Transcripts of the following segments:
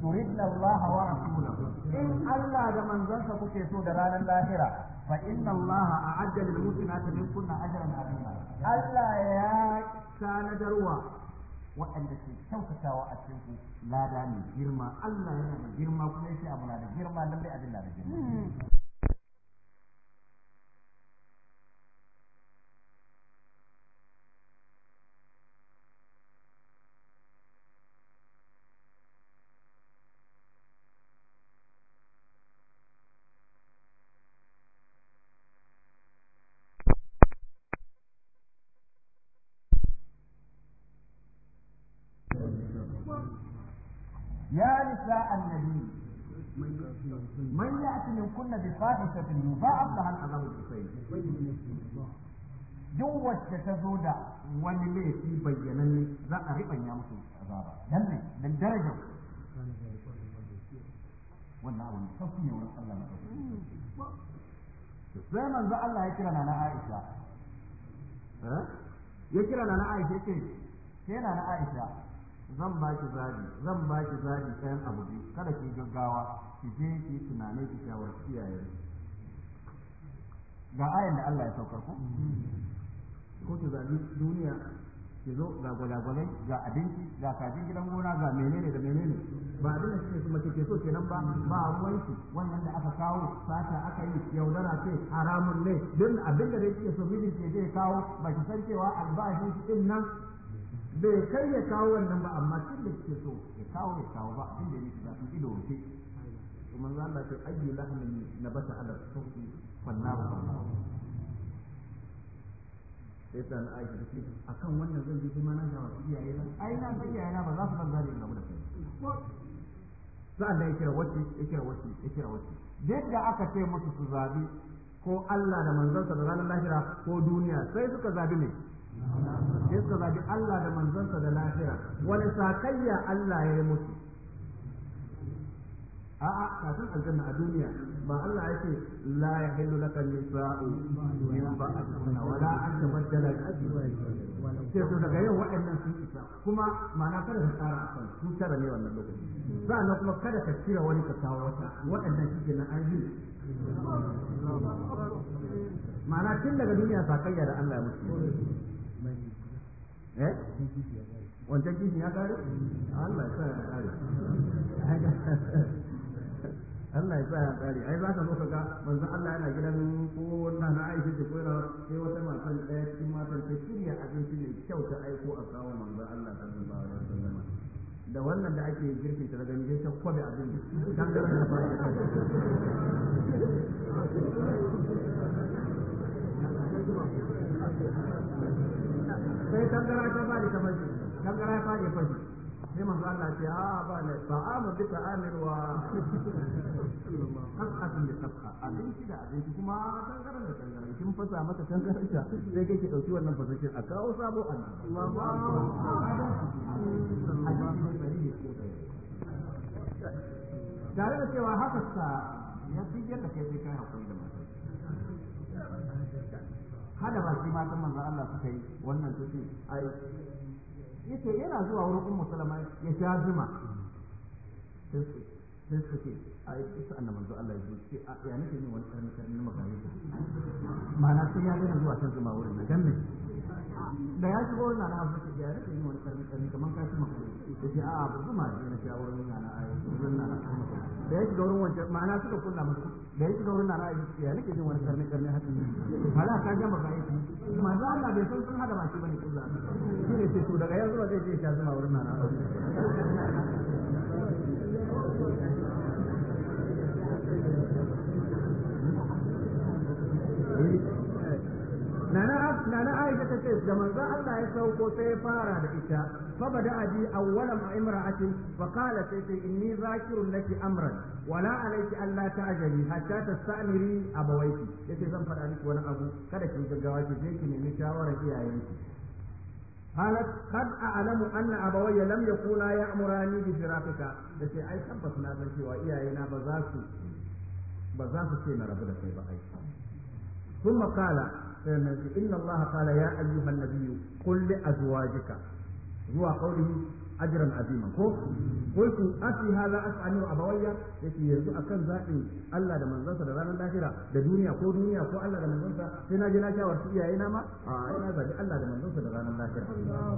turidna Allah wa rasulahu in Allah da manzansa kuke so da ranar lahira fa inna Allah a'adda lil muslimati min kunna Allah ya tanadarwa waɗanda ke kyautatawa a cikin ku lada mai girma Allah yana da girma kuma yake abu girma lallai abin na جاء النبي من يأتي من كنا بفاحشة يضاعف لها العذاب ta zo da wani laifi bayyananne za a riɓanya musu azaba dan ne dan daraja wannan sai manzo Allah ya kira nana Aisha ya kira nana Aisha ce ke nana Aisha zan ba ki zabi zan ba ki zabi kayan abu biyu kada ki gaggawa ki je ki tunane ki shawar kiyaye ga ayan da Allah ya saukar ku ko ki zabi duniya ki zo ga gwalagwalai ga abinci ga kajin gidan gona ga menene da menene ba abin da kike kuma mace ke so kenan ba ba ruwan ki wannan da aka kawo sata aka yi yaudara ce haramun ne duk abin da kike so miji ke zai kawo ba ki san cewa albashin shi din nan bai kai ya kawo wannan ba amma tun da suke so ya kawo ya kawo ba abin da ya nufi zafin ido wuce kuma za Allah ce ayyu lahmin nabata kwanna ba fannahu ba. sai ta na aiki a kan wannan zan ji kuma na ga wasu iyaye na ai na san iyaye na ba za su san zari na da kai a da ya kira wacce ya kira wacce ya kira wacce yadda aka ce musu su zabi ko Allah da manzansa da ranar lahira ko duniya sai suka zabi ne Iska zaɓi Allah da manzansa da lahira wani sakayya Allah ya yi A a'a kafin aljanna a duniya ba Allah ya ce la yahillu laka nisa'u min ba'dina wa la an tabaddala ce to daga yau waɗannan sun isa kuma ma'ana kada ka tsara a kan su tara ne wannan lokaci na kuma kada ka cire wani ka kawo wata wa'annan shi kenan an yi ma'ana tun daga duniya sakayya da Allah ya mutu. eh wancan kishi ya kare Allah ya sa ya kare Allah ya sa ya kare ai za ka zo ka ga manzon Allah yana gidan ko na na Aisha ce ko sai wata matan ɗaya cikin matan ta shirya abinci ne kyau ta aiko a kawo manzon Allah ta zama a alaihi wasallam da wannan da ake girkin ta gani sai ta kwabe abin Kan da ta fara Thank you. sai tangara ta fadi ta fashi tangara ta fadi fashi sai manzo Allah ce a ah, ba ne amu bi ta'amir wa qasqatun bi qasqa abinci da abinci kuma tangara da tangara kin fasa mata tangara ta sai kake dauki wannan fasashin a kawo sabo an tare da cewa haka sa ya fi yadda kai sai kai hakuri hada ba shi matan manzon Allah suka yi wannan tace ai yake yana zuwa wurin ummu salama ya sha zuma sai su ce a yi su annan manzo Allah ya ce ya nake yin wani karni karni magani ta ma'ana sai ya gani zuwa can zuma wurin na dan ne da ya shigo na na Afirka ya nake yin wani karni karni kamar kashi magani ya ce a abu zuma ne na sha wurin na na ayi wurin na na da yake gaurin wancan ma'ana suka kunna masa da yake gaurin wurin ra'ayi aiki ya nake jin wani karni karni haka ne ba mala ka ga maka aiki manzo Allah bai san sun hada shi bane kulla shi ne sai to daga yanzu ba zai je ya zama wurin nana Thank na Aisha ta ce da manzo Allah ya sauko sai ya fara da ita fa bada abi awwalan imra'atin fa qala sai sai inni zakirun laki amran wala alayki alla ta'jali hatta tastamiri abawayki yace zan fada miki wani abu kada ki gaggawa ki je ki nemi shawarar iyayenki قالت قد أعلم أن أبوي لم يكونا يأمراني بفراقك لكي أي za su وإيائنا بزاسو بزاسو da ربنا ba أي ثم قال sai إن الله قال يا أيها النبي قل لأزواجك zuwa kaurihi ajiran azima ko ko ku asi hala asani wa abawayya yake yanzu akan zaɓin Allah da manzansa da ranar lahira da duniya ko duniya ko Allah da manzansa sai na je na shawar su ma a ina zaɓi Allah da manzansa da ranar lahira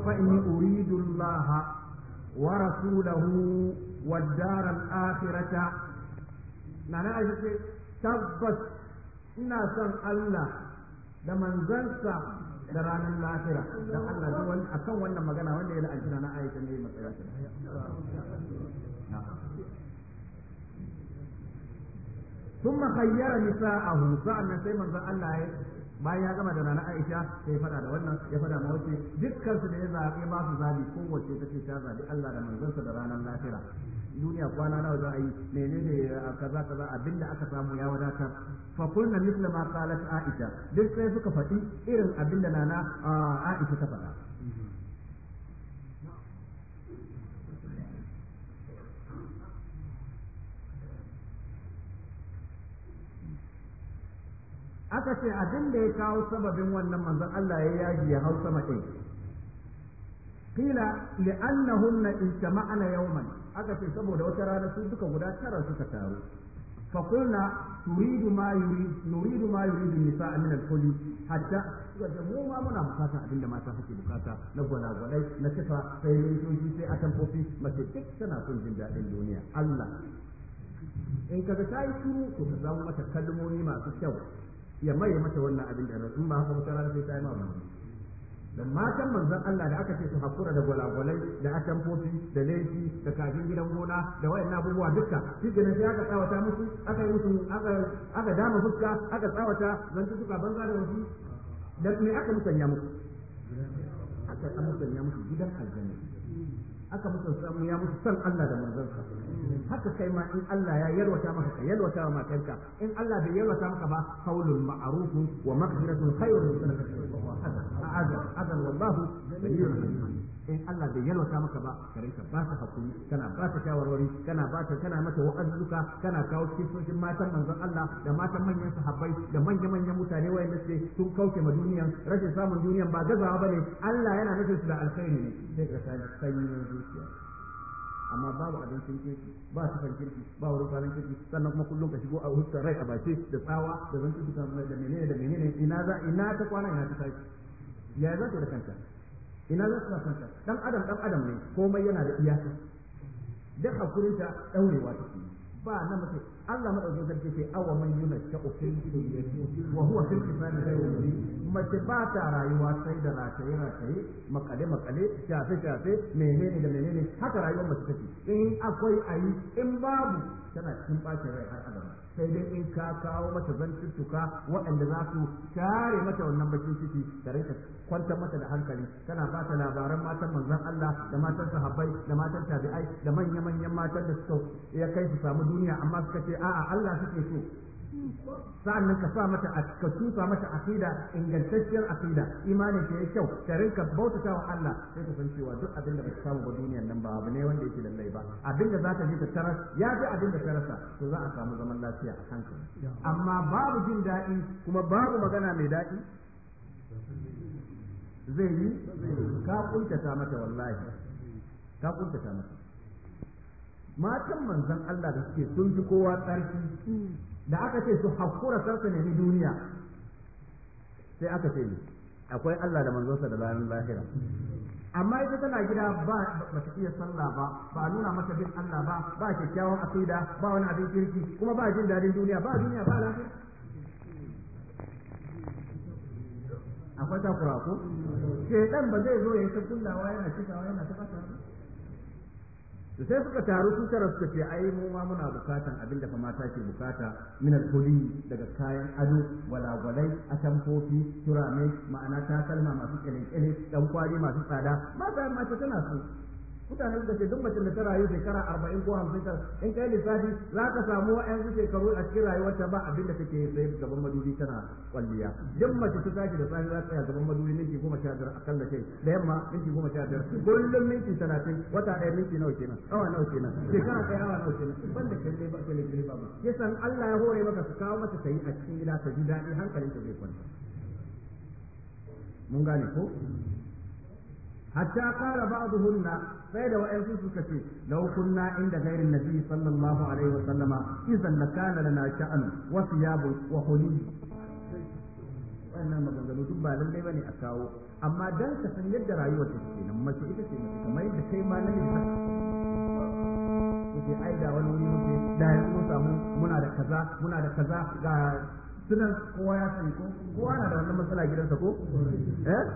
fa inni uridu Allah wa rasulahu wa daral akhirata na na tabbas ina son Allah da manzansa da ranar lafira da Allah duk wani akan wannan magana wanda ya la'anci na Aisha ne matsayin ثم خير نساءه فأنا سيما الله bayan ya gama da rana Aisha sai ya fada da wannan ya fada ma wace dukkan su da ya zaɓe ba su zabi kowace ta ce ta zabi Allah da manzansa da ranar lafira duniya kwana nawa za a yi menene kaza kaza abinda aka samu ya wadatar fa kullu mithla ma qalat aisha duk sai suka faɗi irin abinda nana aisha ta faɗa aka ce abin da ya kawo sababin wannan manzon Allah ya yaji ya hau sama ɗin qila li'annahunna ijtama'na yawman aka ce saboda wata rana su duka guda tara suka taru فقلنا تريد ما يريد نريد Nisa min al-kulli hatta حتى mu ma muna bukata abin da mata suke bukata na gana-gwanai na kifa sai rintoji sai kofi mace duk tana son jin daɗin duniya Allah in kaga ta yi shuru to ka zama mata kalmomi masu kyau ya maye mata wannan abin da rasu ba haka mutara sai ta yi ma da matan manzon Allah da aka ce su hakura da gwalagwalai da atamfofi da laifi da kafin gidan gona da wayan abubuwa duka shi ganin sai aka tsawata musu aka yi musu aka dama fuska aka tsawata zan su suka banza da wasu da me aka musanya musu aka musanya musu gidan aljanna aka musanya musu san Allah da manzon sa haka kai ma in Allah ya yalwata maka ka yalwata wa matarka in Allah bai yalwata maka ba qaulul ma'ruf wa maghfiratun khairun min sadaqatin azal azal wallahu in Allah bai yalwata maka ba ka ba ta hakuri kana ba ta shawarwari kana ba ta kana mata wa'azuka kana kawo cikin matan manzon Allah da matan manyan sahabbai da manyan manyan mutane wayanda suke sun kauce ma duniya rashin samun duniya ba gazawa bane Allah yana nufin su da alkhairi ne sai ka sani zuciya amma babu abincin kirki ba sufan kirki ba wurin kwanan kirki sannan kuma kullum ka shigo a huskar rai a bace da tsawa da zan kirki da menene da menene ina za ina ta kwana ina ta tashi ya za ta da kanta ina za ta kanta dan adam dan adam ne komai yana da iyaka duk hakurinta daurewa take ba na mace Allah madaukakin sarki ce awa man yunasha fil hilyati wa huwa fil qisami ghayru mubin mace ba ta rayuwa sai da rataye rataye makale makale shafe shafe menene da menene haka rayuwar mace take in akwai ayi in babu tana cikin bacin rai har abada sai dai in ka kawo mata zantuttuka waɗanda za su share mata wannan bakin ciki da rinka kwantar mata da hankali kana ba ta labaran matan manzon Allah da matan sahabbai da matan tabi'ai da manya-manyan matan da suka ya kai su samu duniya amma suka ce a'a Allah suke so Sa'an nan ka sa mata ka tusa mata aqida ingantacciyar aqida imanin ke ya kyau ka rinka bautata wa Allah sai ka san cewa duk abin da baka samu ba duniyar nan ba abu ne wanda yake lallai ba abin da zaka ji ka taras ya fi abin da ka rasa to za a samu zaman lafiya a kanka amma babu jin daɗi kuma babu magana mai daɗi zai yi ka kuntata mata wallahi ka kuntata mata matan manzon Allah da suke sun fi kowa tsarki da aka ce su hakura sarsa ne duniya sai aka ce akwai Allah da sa da bayan lahira amma ita tana gida ba ba ta iya sallah ba ba nuna mata bin Allah ba ba kyakkyawan akida ba wani abin kirki kuma ba jin dadin duniya ba duniya ba lafiya akwai takura ko shedan ba zai zo ya ta kullawa yana cikawa yana ta da sai suka taru su tara suka ce ai mu ma muna bukatan abin da mata ke bukata min alhuli daga kayan ado walawalai atamfofi turame ma'ana takalma masu kyale-kyale dan kwari masu tsada mata mata tana so mutanen da ke duk mace da ta rayu shekara arba'in ko hamsin ta in kai lissafi za ka samu wa'yansu shekaru a cikin rayuwarta ba abin da take tsaye gaban madubi tana kwalliya duk mace ta tashi da safe za ta tsaya gaban madubi minti goma sha biyar kalla kai da yamma minti goma sha biyar kullum minti talatin wata ɗaya minti nawa kenan awa nawa kenan shekara ɗaya awa nawa kenan da kalle ba kalle kalle ba ya san Allah ya hore maka su kawo mata ta yi a cikin gida ta ji daɗi hankalinta zai kwanta mun gane ko hatta qala ba'dhunna sai da wa'ansu suka ce law kunna inda ghairi nabi sallallahu alaihi wa sallama idan lakana lana sha'an wa siyabu wa hulul wannan maganganu duk ba lallai bane a kawo amma dan ka san yadda rayuwar ta take nan mace ita ce mace kamar yadda kai ma nan ne kuke ai da wani wuri muke da ya mun samu muna da kaza muna da kaza ga sunan kowa ya sani ko kowa na da wannan matsala gidansa ko eh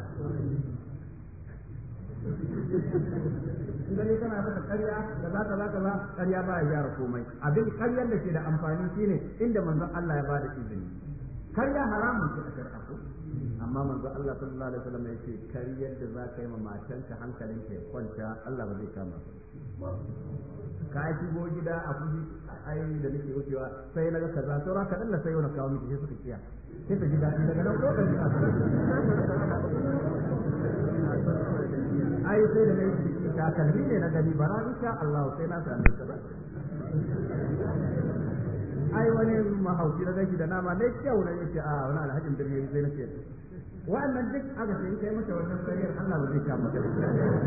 gani kana masa karya kaza kaza kaza karya ba ya gyara komai abin karyar da ke da amfani shi ne inda manzon Allah ya bada izini karya haramun ce a shar'a amma manzo Allah sallallahu alaihi wasallam ya ce karyar yadda za ka yi ma ka hankalin ka ya kwanta Allah ba zai kama ka ka shigo gida a kuji ai da nake wucewa sai na ga kaza saura ka dalla sai wani kawo miki sai suka kiya sai ta ji daɗi daga nan ko ta ji ai sai da mai ciki ta kalbi ne na gani bara insha Allah sai na sami ta ba ai wani mahauki na gashi da nama ne kyau na yace a ah, wani alhajin dirmi zai na ce Wannan duk aka sai kai masa wannan sariyar Allah ba zai ta maka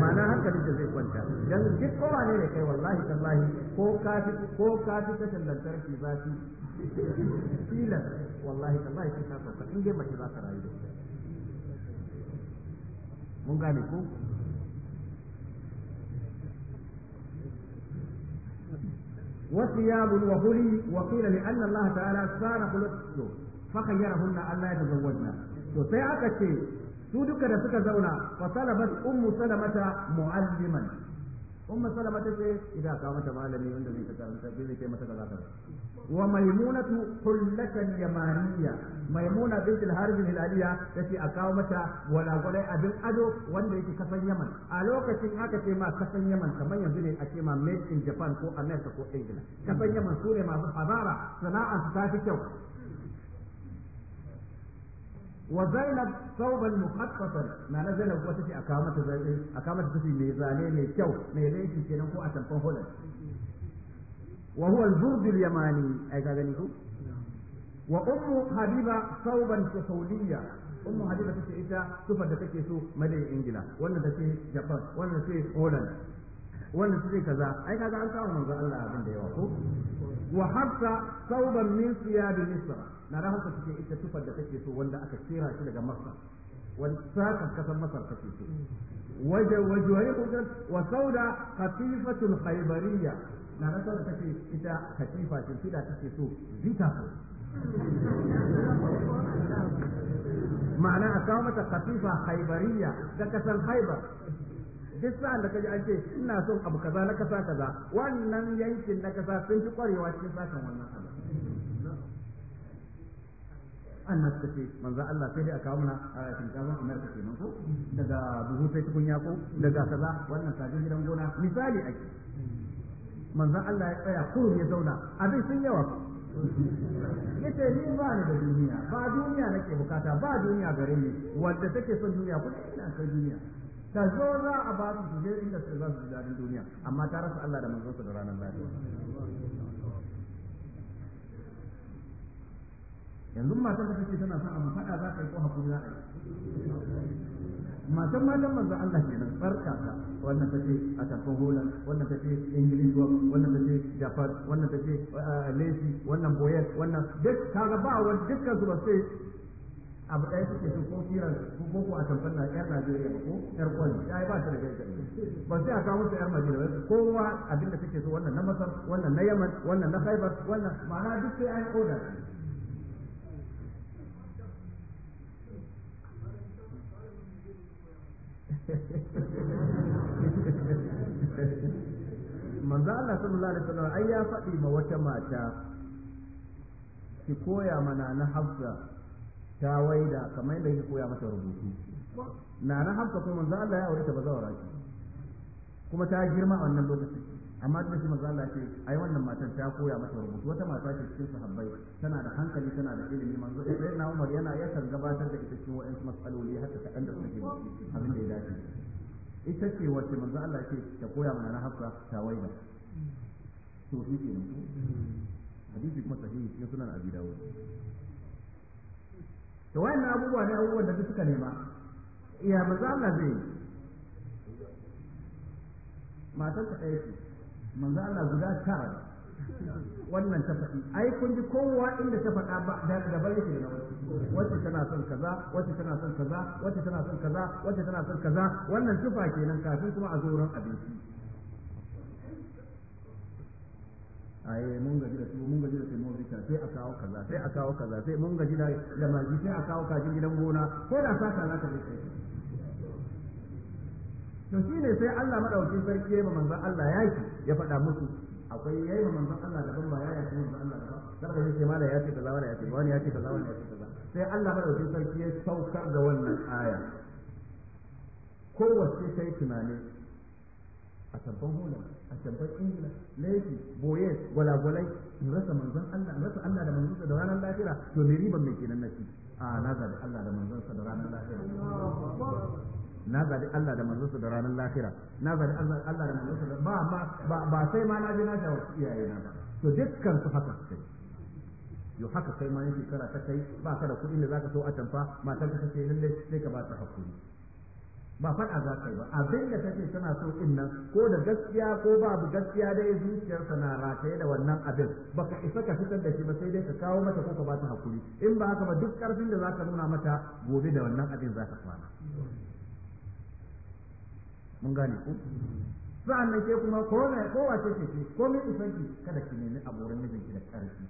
ma'ana hankali da zai kwanta dan duk kowa ne da kai wallahi tallahi ko ka fi ko ka fi ta lantarki ba shi filan wallahi tallahi sai ka sauka in dai mace za ka rayu da mun gane ko وثياب وهلي وقيل لأن الله تعالى سار خلقه فخيرهن أن لا يتزوجن وسيعك الشيء su duka da suka zauna fa talabat ummu salamata mu'alliman umma salama ta ce idan ka mata malami wanda zai karanta zai kai mata kaza kaza wa maimunatu hullatan yamaniya maimuna bint al-harith al-aliya tace a kawo mata walagwalai abin ado wanda yake kasan yaman a lokacin aka ce ma kasan yaman kamar yanzu ne a ce ma japan ko america ko ingila kasan yaman su masu fadara sana'a su ta fi kyau wa zainab sauban muhaqqatan na na zainab wata ce a kawo mata zai a kawo mata tafi mai zane mai kyau mai laifi kenan ko a tamfan holand. wa huwa al-burd al-yamani ai ka gani ko wa ummu habiba sauban tasawliya ummu habiba tace ita sufar da take so madai ingila wannan tace japan wannan tace holand wannan tace kaza ai kaga an kawo manzo Allah abin da yawa ko wa habsa sauban min siyadi misra na da haka cikin ita tufar da kake so wanda aka kera shi daga masar wanda sakan kasar masar kake so waje wajuhai kusan wa sauda khatifatul khaybariya na da sauda take ita khatifa ce shi da take so zita ma'ana a kawo mata khatifa da kasar khaybar duk sa'an da kaji an ce ina son abu kaza na kasa kaza wannan yankin na kasa sun fi kwarewa cikin sakan wannan abu an na suka ce manzo Allah sai dai a kawo mana shinkafin Amerika kenan ko daga buhu sai tukunya ko daga kaza wannan sajin gidan gona misali ake manzo Allah ya tsaya kurum ya zauna abin sun yawa ce ni ba ni da duniya ba duniya nake bukata ba duniya gare ni wadda take son duniya kuma ina son duniya ta zo za a ba su su zai inda su za su ji dadin duniya amma ta rasa Allah da manzonsa da ranar lafiya yanzu matan da take tana son abu fada za ka yi ko hakuri za a yi matan malam manzo Allah ke nan barka ta wannan ta ce a tafin holan wannan tace english work wannan ta ce japan wannan ta tace eh, lesi wannan boyet wannan duk kaga ba wani dukkan su ba sai abu ɗaya suke su ko kiran ko ko a tamfan na ƴar Najeriya ba ko ƴar kwani ya ba su da gaisa ba sai a kawo musu ƴar Najeriya ba kowa abin da suke so wannan na Masar wannan na Yaman wannan na Khaibar wannan ma'ana duk sai an oda manzo Allah sallallahu alaihi wasallam ai ya faɗi ma wata mata ki koya mana na Hafsa ta waida kamar yadda yake koya mata rubutu na na hafsa kuma manzo Allah ya aure ta bazawara kuma ta girma a wannan lokacin amma duk shi manzo Allah ce ai wannan matar ta koya mata rubutu wata mata ce cikin sahabbai tana da hankali tana da ilimi manzo sai na Umar yana san gabatar da ita cikin wa'ansu matsaloli har ta kanda take abin da ya dace ita ce wace manzo Allah ce ta koya mana na hafsa ta waida to shi ne hadisi kuma sahihi cikin sunan Abi Dawud to wani abubuwa ne abubuwan da suka nema iya manzo Allah zai matar ta ɗaya ce manzo Allah guda tara wannan ta faɗi ai kun ji kowa inda ta faɗa ba da daban yake da wani wacce tana son kaza wacce tana son kaza wacce tana son kaza wacce tana son kaza wannan tufa kenan kafin kuma a zo ran abinci aye mun gaji da su mun gaji da su mun fita sai a kawo kaza sai a kawo kaza sai mun gaji da da maji sai a kawo kajin gidan gona ko da sa kaza ka sai to ne sai Allah madaukakin sarki ya manzon Allah ya yaki ya faɗa musu akwai yayi manzon Allah da ban ba ya yi manzon Allah da daban saboda yake mala ya ce kaza wala ya ce wani ya ce kaza wala ya ce kaza sai Allah madaukakin sarki ya saukar da wannan aya kowace sai tunani a sabban hulun a shamfar ingila laifi boye gwalagwalai in rasa manzon Allah in rasa Allah da manzon da ranar lahira to me riban mai kenan nafi a na zabi Allah da manzon sa da ranar lahira na zabi Allah da manzon sa da ranar lahira na zabi Allah da manzon sa ba ba ba sai ma na je na shawo iyaye na ba to dukkan su haka sai yo haka sai ma yin shekara ta kai ba ka da kuɗin da zaka so a tamfa matar ka take lalle sai ka ba ta hakuri ba faɗa za ka yi ba abin da kake tana so din nan ko da gaskiya ko babu gaskiya dai zuciyarsa na rataye da wannan abin baka isa ka fitar da shi ba sai dai ka kawo mata ko ka ba ta hakuri in ba haka ba duk karfin da zaka nuna mata gobe da wannan abin za ka kwana mun gane ku sa'an nan ke kuma ko wace ce ko isanki kada ki nemi a wurin mijinki da karfi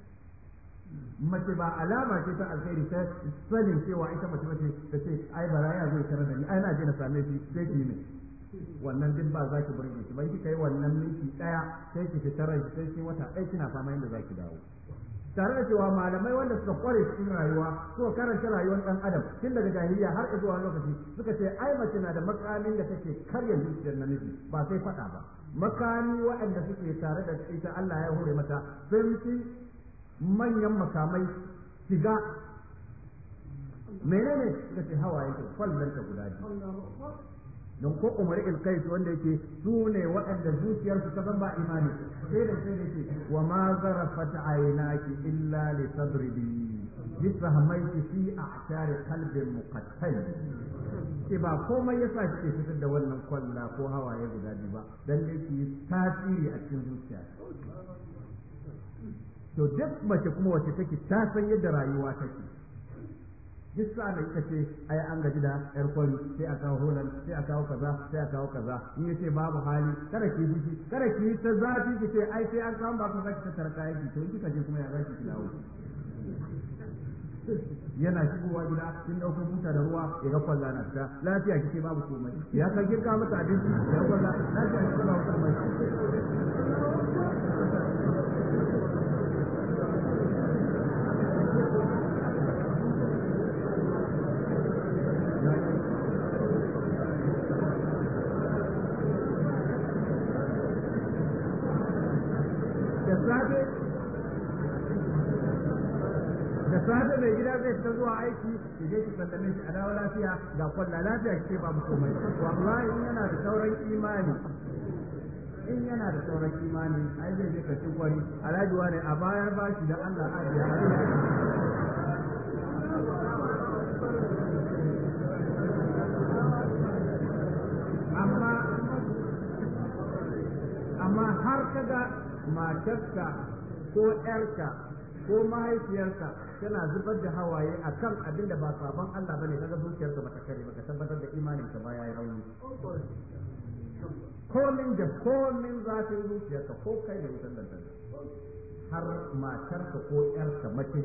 mace ba alama ce ta alkhairi ta sanin cewa ita mace mace ta ce ai baraya zai tare da ni ai na je na same shi sai ki ne wannan din ba za ki burge shi ba ki kai wannan minti daya sai ki fitar shi sai ki wata ɗaya kina fama yadda zaki dawo tare da cewa malamai wanda suka kware cikin rayuwa suka karanta rayuwar dan adam tun daga jahiliya har zuwa lokaci suka ce ai mace na da makamin da take karya zuciyar namiji ba sai faɗa ba makami waɗanda suke tare da ita Allah ya hore mata sun fi manyan makamai shiga menene suka ce hawa yake kwallon ta guda don ko umar ilkais wanda yake su ne waɗanda zuciyarsu ta zan ba imani sai da sai da ce wa ma zarafat aynaki illa li sadribi bisahmaiti fi tare kalbin muqattal ke ba komai yasa kike fitar da wannan kwalla ko hawaye guda biyu ba dan dai ki tasiri a cikin zuciya to duk mace kuma wace take ta san yadda rayuwa take duk sa da ita ce ai an gaji da yar kwari sai a kawo holan sai a kawo kaza sai a kawo kaza in yace babu hali kada ki fushi kada ki ta zafi ki ce ai sai an kawo ba ku zaki ta tarka yaki to kika je kuma ya zaki ki dawo yana shigowa gida kin dauko buta da ruwa ya ga kwalla na ta lafiya kike babu komai ya ka girka masa abinci ya kwalla lafiya kike babu komai ki je ki sallame shi a dawo lafiya ga kwalla lafiya ke ba mu komai wallahi in yana da sauran imani in yana da sauran imani ai zai je kashin kwari alhaji wani a bayar bashi da Allah a biya amma amma har kaga matarka ko 'yarka ko mahaifiyarka tana zubar da hawaye akan abin da ba sabon Allah bane kaga zuciyarka bata kare ba ka tabbatar da imanin ka baya yayi rauni komin da komin zafin zuciyarka ko kai ne wutan har matarka ko yarka mace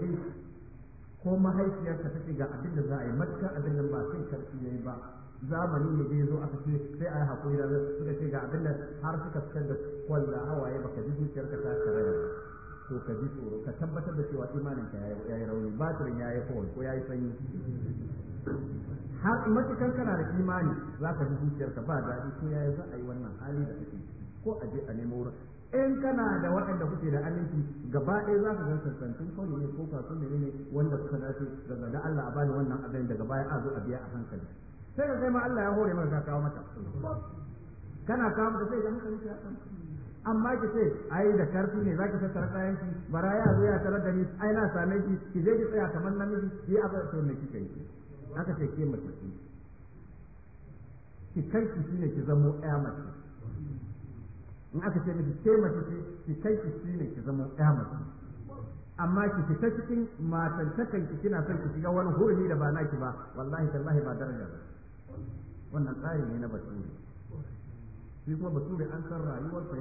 ko mahaifiyarka ta ga abin da za a yi matka abin da ba sai karfi yayi ba zamani ne dai zo aka ce sai a yi hakuri da suka ce ga abin da har suka fitar da kwalla hawaye baka ji zuciyarka ta karaya to ka ji tsoro ka tabbatar da cewa imanin ka yayi rauni batirin yi kowai ko ya yi sanyi har matukan kana da imani za ka ji zuciyarka ba daɗi ko ya za a yi wannan hali da kake ko a je a nemo wurin in kana da waɗanda kuke da aminci gaba ɗaya za ka ga santantun kawai ne ko kasu ne ne wanda suka dace daga da Allah a bani wannan abin daga baya a zo a biya a hankali sai ka kai ma Allah ya hore maka ka kawo mata kana kawo mata sai ka hankali ka kawo amma ki ce ai da karfi ne zaki tattara kayan ki bara ya zo ya tarar da ni ai na same ki ki je ki tsaya kamar namiji a aka to ne ki yi aka ce ke mace ki kai ki shine ki zamo ƴa mace in aka ce miki ke mace ce ki kai ki shine ki zama ƴa mace amma ki fita cikin matantakan ki kina son ki shiga wani hurumi da ba naki ba wallahi tallahi ba daraja ba wannan tsari ne na basiri shi kuma bature an san rayuwarsa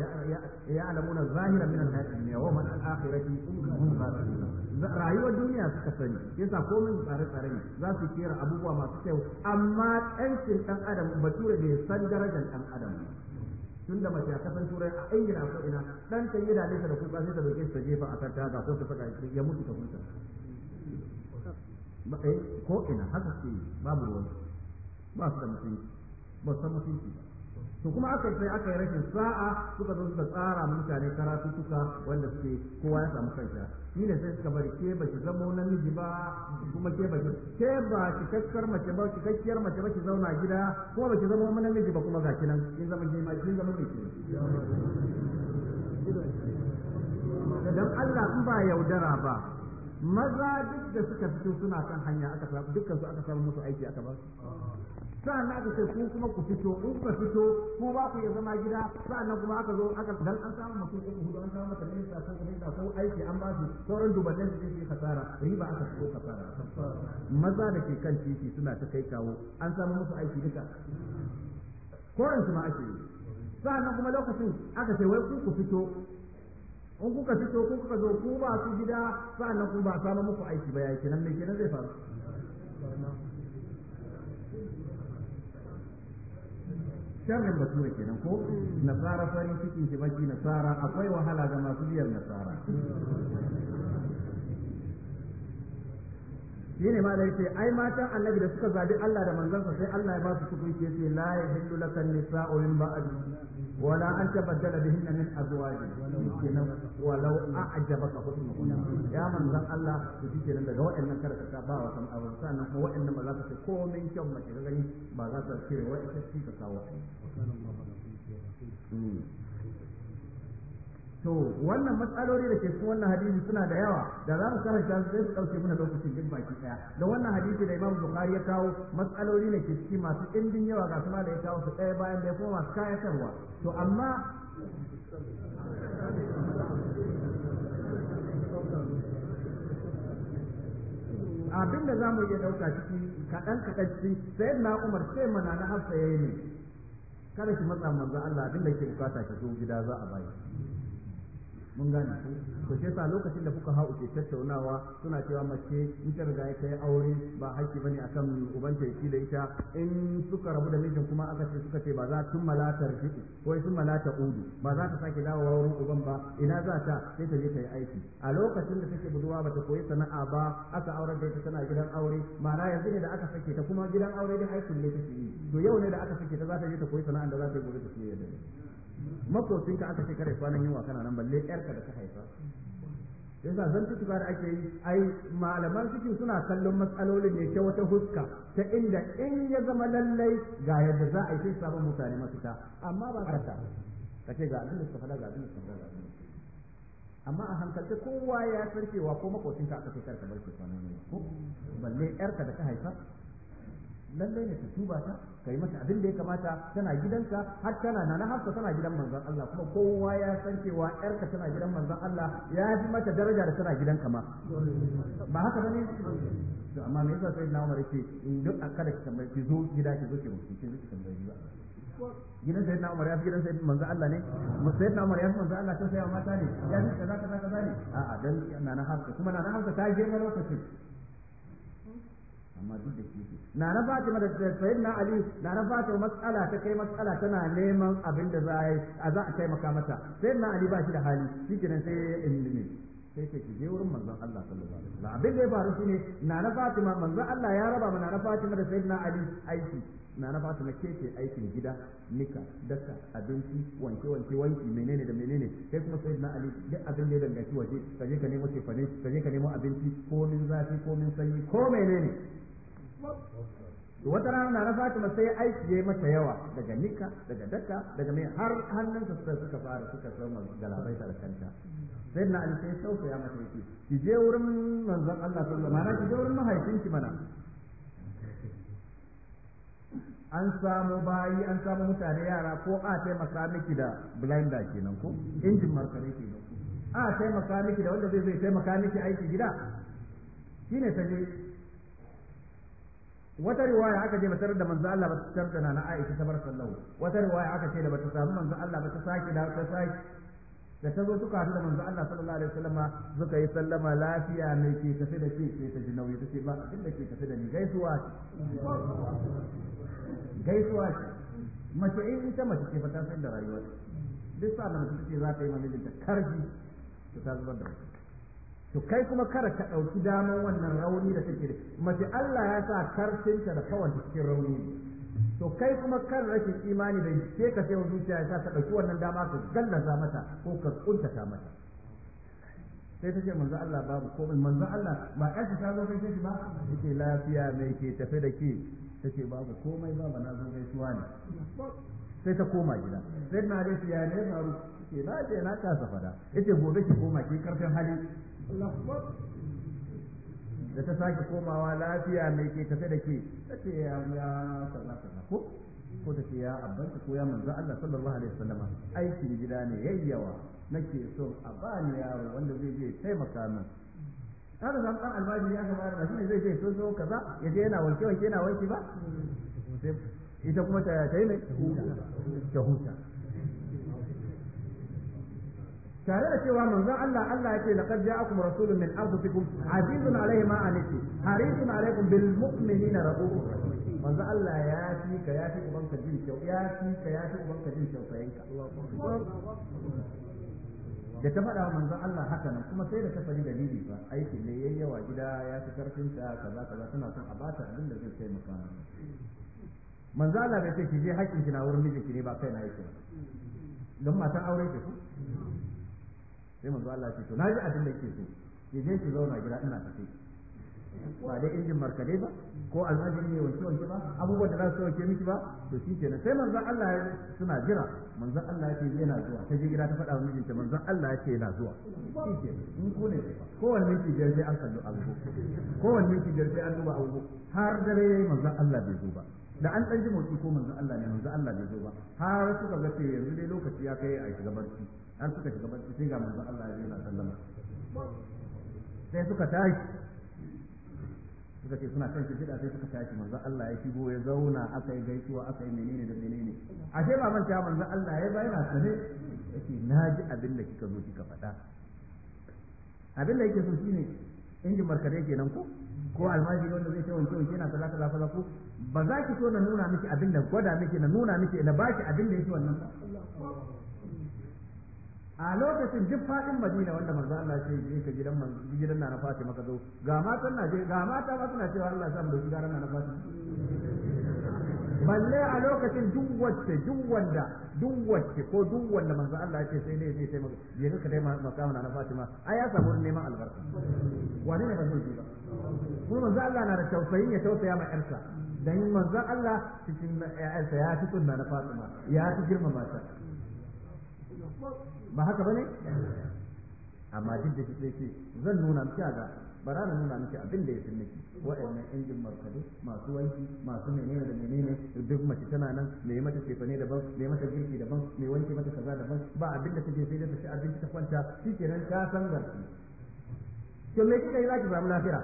ya alamuna zahira min al-hayati wa man al-akhirati hum ghafilun rayuwar duniya suka sani yasa komai tsare tsare ne za su kera abubuwa masu kyau amma ɗancin ɗan adam bature bai san darajar ɗan adam Tunda mace a kasan turai a ayyana ko ina dan ta yi dalisa da kuka sai ta doke ta jefa a kan taga ko ta saka ya mutu ta huta eh, ko ina haka ce babu ruwan ba su da mutunci ba san mutunci ba to kuma aka sai aka yi rashin sa'a suka zo suka tsara mutane karatu suka wanda suke kowa ya samu kanta shi ne sai suka bari ke baki zama namiji ba kuma ke baki ke ba kakkar mace ba kakkiyar mace ba ki zauna gida kuma baki zama wani namiji ba kuma ga kinan kin zama ke ma kin zama mai dan Allah in ba yaudara ba maza duk da suka fito suna kan hanya aka dukkan su aka samu musu aiki aka ba sa'annan aka ce ku kuma ku fito in kuka fito ku ba ku iya zama gida sa'annan kuma aka zo aka dan an samu mutum ɗin hudu an samu masa minista ko minista ko aiki an ba su sauran dubannin su ke kasara riba aka fito kasara maza da ke kan titi suna ta kai kawo an samu musu aiki duka koran su ma ake yi sa'annan kuma lokacin aka ce wai ku ku fito in kuka fito ku kuka zo ku ba su gida sa'annan ku ba samu muku aiki ba yaki nan me kenan zai faru sharrin bature kenan ko mm. nasara farin cikin shi baki nasara akwai wahala ga masu biyar nasara shine ma da yake ai matan annabi da suka zabi Allah da manzansa sai Allah ya ba su ke ce la yahillu lakan nisa'u min ba'di wala an tabaddala bihin min azwaji kenan walau a'jabaka hukmuhunna ya manzan Allah ku kike nan daga wa'annan karaka ta ba wa san aure sannan ko wa'annan ba za ka ce komai kyan mace ga gani ba za ka ce wa'annan shi ka kawo hmm. to wannan matsaloli da ke cikin wannan hadisi suna da yawa da za mu karanta su sai su dauke mana lokacin din baki daya da wannan hadisi da Imam Bukhari ya kawo matsaloli ne ke ciki masu ɗindin yawa ga kuma da ya kawo su ɗaya bayan da kuma masu kayatarwa to amma abin da za mu iya ɗauka ciki kaɗan kaɗan ciki sai na umar sai mana na hafsa ya yi ne kada ki matsa manzo Allah abin da ke bukata ki zo gida za a bayar mun gane to sai sa lokacin da kuka hau ke tattaunawa suna cewa mace in ta riga ta yi aure ba haƙƙi bane akan ubanta yake da ita in suka rabu da mijin kuma aka ce suka ce ba za tun malatar fi'i ko tun malata udu ba za ta sake dawowa wurin uban ba ina za ta sai ta je ta yi aiki a lokacin da take budurwa ba ta koyi sana'a ba aka aurar da ita tana gidan aure mara yanzu ne da aka sake ta kuma gidan aure dai aikin ne take yi to yau ne da aka sake ta za ta je ta koyi sana'a da za ta yi gobe ta ce Makosin ka aka ce kare kwanan yunwa kana nan balle ka da ka haifa sa zan tutuba da ake yi ai malaman cikin suna kallon matsalolin ne ta wata huska ta inda in ya zama lallai ga yadda za a yi sai sabon mutane mafita amma ba ka ka ce ga abin da suka faɗa ga abin da suka faɗa ga abin da amma a hankalce kowa ya sarkewa ko makosin ka aka shekara karka barke kwanan yunwa ko balle ka da ka haifa lallai ne ta tuba ta kai mata abin da ya kamata tana gidanka har tana nana ta tana gidan manzon Allah kuma kowa ya san cewa yarka tana gidan manzon Allah ya fi mata daraja da tana gidanka ma ba haka bane to amma me yasa sai na Umar yake in duk kada ki tambaye ki zo gida ki zo ki mutu ki zo ki tambaye ba gidan sayyidina Umar ya fi gidan sayyidina manzon Allah ne sayyidina Umar ya fi manzon Allah ta sayawa mata ne ya fi kaza kaza kaza ne a'a dan nana hafsa kuma nana ka ta girma lokacin amma duk da shi na na Fatima da na Ali na na Fatima matsala ta kai matsala tana neman abin da za a a za a taimaka mata na Ali ba shi da hali shikenan sai ya ilimi sai ce ki je wurin manzon Allah sallallahu alaihi wasallam abin da ya faru shine na na Fatima manzon Allah ya raba mana na Fatima da na Ali aiki na na Fatima ke ce aikin gida nika daka abinci wanke wanke wanki menene da menene sai kuma na Ali duk abin da ya danganci waje kaje ka nemo cefane kaje ka nemo abinci ko min zafi ko min sanyi ko menene wata rana na kuma sai aiki yayi mata yawa daga nika daga daka daga mai har hannunsa suka suka fara suka samu galabai ta da kanta sai na Ali sau sauka ya mata yake ki je wurin manzon Allah sallallahu alaihi wasallam ki je wurin mahaifinki mana an samu bayi an samu mutane yara ko a taimaka miki da blender kenan ko injin markare kenan a taimaka miki da wanda zai zai taimaka miki aiki gida shine ta je wata riwaya aka ce masarar da manzo Allah ba ta tsarta na Aisha ta bar sallahu wata riwaya aka ce da bata samu manzo Allah ba ta saki da ta saki da ta zo suka haɗu da manzo Allah sallallahu alaihi wasallam suka yi sallama lafiya mai ke kafe da ke sai ta ji nauyi ta ce ba abin da ke kafe da ni gaisuwa ce gaisuwa ce mace in eh, ita mace ce ba ta san da rayuwa duk sa da mace ce za ta yi da karji ta zubar da mace to kai kuma kada ka ɗauki damar wannan rauni da take mace Allah ya sa karfinta da kawai cikin rauni to kai kuma kan rashin imani da ke ka sai zuciya ya sa ka ɗauki wannan dama ka gallaza mata ko ka kuntata mata sai ta ce manzo Allah babu komai manzo Allah ba ƴarsa ta zo gaishe shi ba yake lafiya me ke tafe da ke ce babu komai ba na zo suwa ne sai ta koma gida sai na dai ya ne faru ke na ce na ta fada yace gobe ki koma ki karfin hali da ta sake komawa lafiya mai ke tafe da ke ta ce ya ya sallah sallah ko ko ta ce ya abbanta ko ya manzo Allah sallallahu alaihi wasallama aikin gida ne yayyawa nake so a bani yaro wanda zai je taimaka min kada zan kan albaji ya kamata da shi zai je so so kaza ya je yana wanke wanke yana wanki ba ita kuma ta ta yi mai ta huta tare da cewa manzon Allah Allah yake laqad ja'akum rasulun min anfusikum azizun alayhi ma anati harisun alaikum bil mu'minina rauf manzon Allah ya fi ka ya fi ubanka jin kyau ya fi ka ya fi ubanka jin kyau sayinka da ta faɗa manzon Allah haka nan kuma sai da ta faɗi dalili ba aiki ne yayi yawa gida ya fi karfin ta kaza kaza tana son a bata abin da zai taimaka mata manzon Allah bai ce ki je hakkin ki na wurin mijinki ne ba kai na yake ba don matan aure ke ku sai manzo Allah ce to na ji abin da yake so ya je ki zauna gida ina tafi ba dai injin markade ba ko almajiri ne wanke wanke ba abubuwan da za su wanke miki ba to shi kenan sai manzo Allah suna jira manzo Allah ya ce yana zuwa ta je gida ta faɗa wa mijinta manzo Allah ya ce yana zuwa shi kenan in ko ne kowanne miki biyar an kallo agogo kowanne miki biyar sai an duba agogo har dare yayi manzo Allah bai zo ba da an ɗan ji motsi ko manzo Allah ne manzo Allah bai zo ba har suka ga sai yanzu dai lokaci ya kai a shiga barci har suka shiga barci sai ga manzo Allah ya yana sallama sai suka tashi suka ce suna kan shirfiɗa sai suka tashi manzo Allah ya shigo ya zauna aka yi gaisuwa aka yi menene da menene ashe ba manta manzo Allah ya ba sane yake naji abin da kika zo kika faɗa abin da yake so shine injin markadai kenan ko ko almajiri wanda zai ce wanke wanke na kaza zaka zafa ko ba za ki so na nuna miki abin da gwada miki na nuna miki na baki abin da yake wannan ba a lokacin duk fadin Madina wanda manzo Allah ya ce ka gidan manzo gidan na na Fatima ka zo ga matan na ga mata ba suna cewa Allah ya samu da gidan na na Fatima balle a lokacin duk wacce duk wanda duk wacce ko duk wanda manzo Allah ya ce sai ne sai maka ga ka ma makama na Fatima ai ya samu neman albarka wani ne ba zai ji ba kuma manzo Allah na da tausayin ya tausaya ma yarsa dan manzo Allah cikin yarsa ya fi tunna na Fatima ya fi girmama ta ba haka bane amma duk da kike ce zan nuna miki ga bara na nuna miki abin da ya fi miki wa'annan injin markade masu wanki masu menene da menene duk mace tana nan me mata cefane daban me mata girki daban me wanki mata kaza daban ba abin da take sai da ta ci abinci ta kwanta shikenan ta san garki to me kika yi ki samu lafiya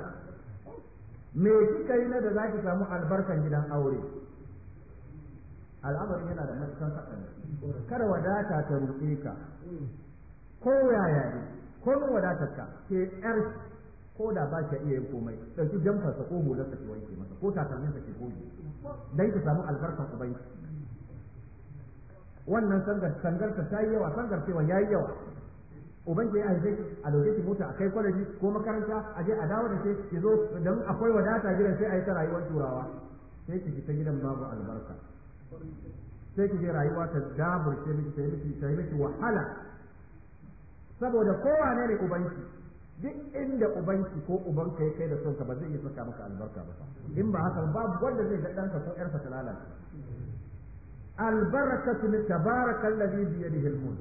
me kika yi na da zaki samu albarkan gidan aure al'amarin yana da matukan haɗari kada wadata ta ruɗe ka ko yaya ne ko wadatar ka ke 'yar ko da ba shi iya yin komai ɗauki sa ko sa ke wanke masa ko sa ke goge dan ki samu albarkan ubanki wannan sangar sangarsa ta yi yawa sangar cewa ya yi yawa uban ya haife a dauke ki mota a kai kwalaji ko makaranta a je a dawo da ke ki zo dan akwai wadata gidan sai a yi ta rayuwar turawa sai ki ta gidan babu albarka sai ki je rayuwa ta dabur sai miki sai miki wahala saboda kowa ne ne ubanki duk inda ubanki ko ubanka ya kai da sonka ba zai iya saka maka albarka ba in ba haka babu wanda zai ga danka ko ƴarsa ta lalace albarakatu min tabarakal ladhi bi yadihi almulk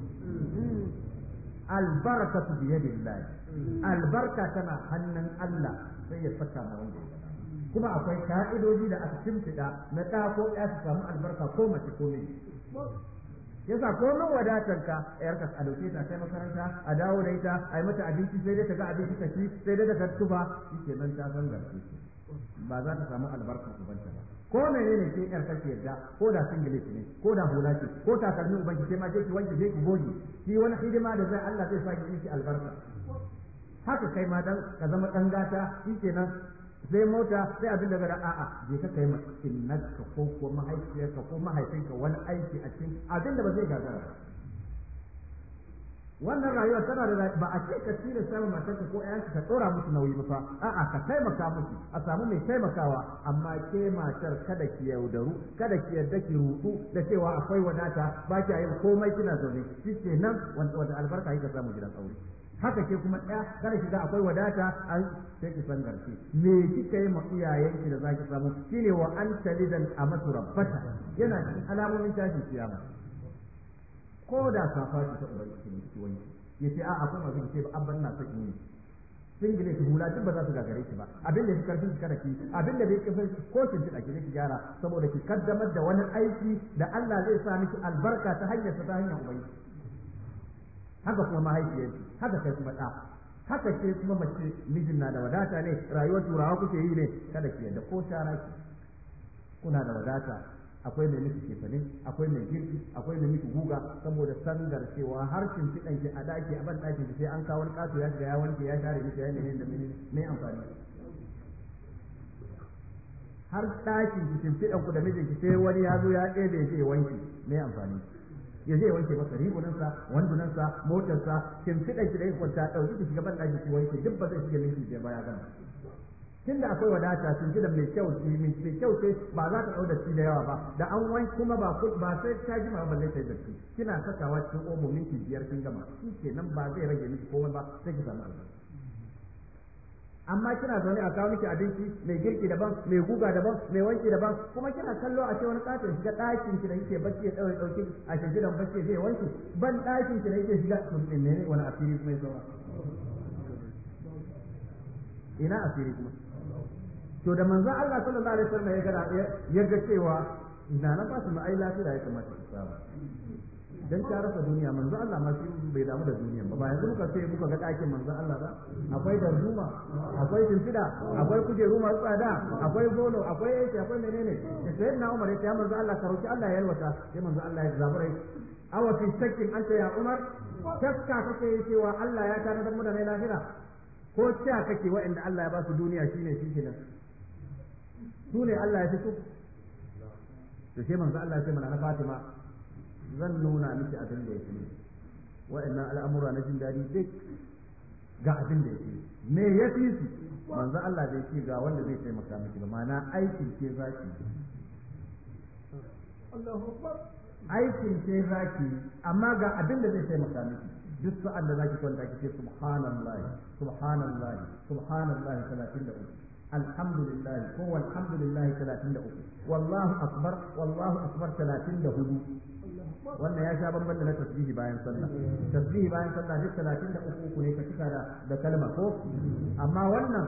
albarakatu bi yadillahi albarka tana hannun Allah sai ya saka ma wanda ya kuma akwai ka'idoji da aka shimfiɗa na ta ko ya su samu albarka ko mace ko miji yasa ko komin wadatar ka yarka a dauke ta sai makaranta a dawo da ita a yi mata abinci sai dai ta ga abinci ta ci sai dai ta tufa yake nan ta san garke ba za ta samu albarkar banta ba ko menene ke yar kake yadda ko da singlet ne ko da hula ce ko takalmi ubanki sai ma je ki wanke je ki goge ki wani hidima da zai Allah zai saki miki albarka haka kai ma dan ka zama dan gata nan. sai mota sai abin da gada a'a je ka kai ka ko ko ka ko mahaifinka wani aiki a cikin abin da ba zai gagara wannan rayuwa tana da ba a ce ka tira samun matarka ko ƴaƴanka ka tsora musu nauyi ba fa a'a ka taimaka musu a samu mai taimakawa amma ke matar kada ki yaudaru kada ki yarda ki rutu da cewa akwai wadata ba ki yin komai kina zaune shi ke nan wanda albarka kika samu gidan aure haka ke kuma ɗaya kada shiga akwai wadata a sai ki san garke me kika yi ma iyayenki da zaki samu shine wa an talidan a masu rabbata yana cikin alamomin tashin kiyama ko da safa ki ta ubangiji ne ki Ya ce a'a kuma zan ce ba abban na sakin ne singile ki hula duk ba za su gagare ki ba abin da ya karfin ki kada ki abin da bai karfin ko kin ji ake ki gyara saboda ki kaddamar da wani aiki da Allah zai sa miki albarka ta hanyar ta hanyar ubangiji haka kuma mahaifiyarki haka kai kuma ɗa haka ke kuma mace mijin na da wadata ne rayuwar turawa kuke yi ne kada ki yadda ko shara ki kuna da wadata akwai mai miki kefane akwai mai girki akwai mai miki guga saboda sandar cewa harshen kiɗan ki a ɗaki a ban ɗaki sai an kawo ƙato ya shiga ya wanke ya share miki ya ne da mini mai amfani har ɗakin ki fiɗan ku da mijinki sai wani ya zo ya ɗebe ya wanke mai amfani ya je wanke masa rigunansa wandunansa motarsa shimfiɗa shi da ya kwanta ɗauki shi shiga ban ɗaki shi wanke duk ba zai shiga minti bai baya gama tun da akwai wadata sun ji da mai kyau mai kyau sai ba za ta ɗau shi da yawa ba da an wani kuma ba ba sai ta ji ma balle da datti kina sakawa cikin omo minti biyar kin gama shi kenan ba zai rage miki komai ba sai ki samu albarka amma kina zaune a kawo miki abinci mai girki daban mai guga daban mai wanki daban kuma kina kallo a ce wani katon shiga ɗakin ki da yake bacci ya ɗaure ɗauki a shirgi da bacci zai wanki ban ɗakin ki da yake shiga to menene wani asiri kuma ya zama ina asiri kuma to da manzon Allah sallallahu alaihi wasallam ya ga ya ga cewa ina na fasu su ai lafiya ya kamata su saba dan ta rasa duniya manzo Allah ma shi bai damu da duniya ba ba yanzu muka sai ka ga ɗakin manzo Allah ba akwai darduma akwai shimfiɗa akwai kujeru masu tsada akwai bolo akwai aiki akwai menene da sai na Umar ya manzo Allah ka roki Allah ya yalwata sai manzo Allah ya zabura awa fi shakkin anta ya Umar shakka kake cewa Allah ya tanadar mu da mai lahira ko cewa kake wa'anda Allah ya ba su duniya shine shi kenan su ne Allah ya fito to sai manzo Allah ya ce mana na Fatima zan nuna miki abin da yake wa'annan al'amura na jin daɗi duk ga abin da yake me ya fi su manzo Allah bai ce ga wanda zai taimaka miki ba ma'ana aikin ke zaki Allahu Akbar aikin ke zaki amma ga abin da zai taimaka miki duk sa'an da zaki kwanta ki ce subhanallahi subhanallahi subhanallahi 33 هو ko لله 33 wallahu اكبر wallahu اكبر 34 wannan ya sha bamban da na tasbihi bayan sallah tasbihi bayan sallah duk 33 ne ka cika da kalma ko amma wannan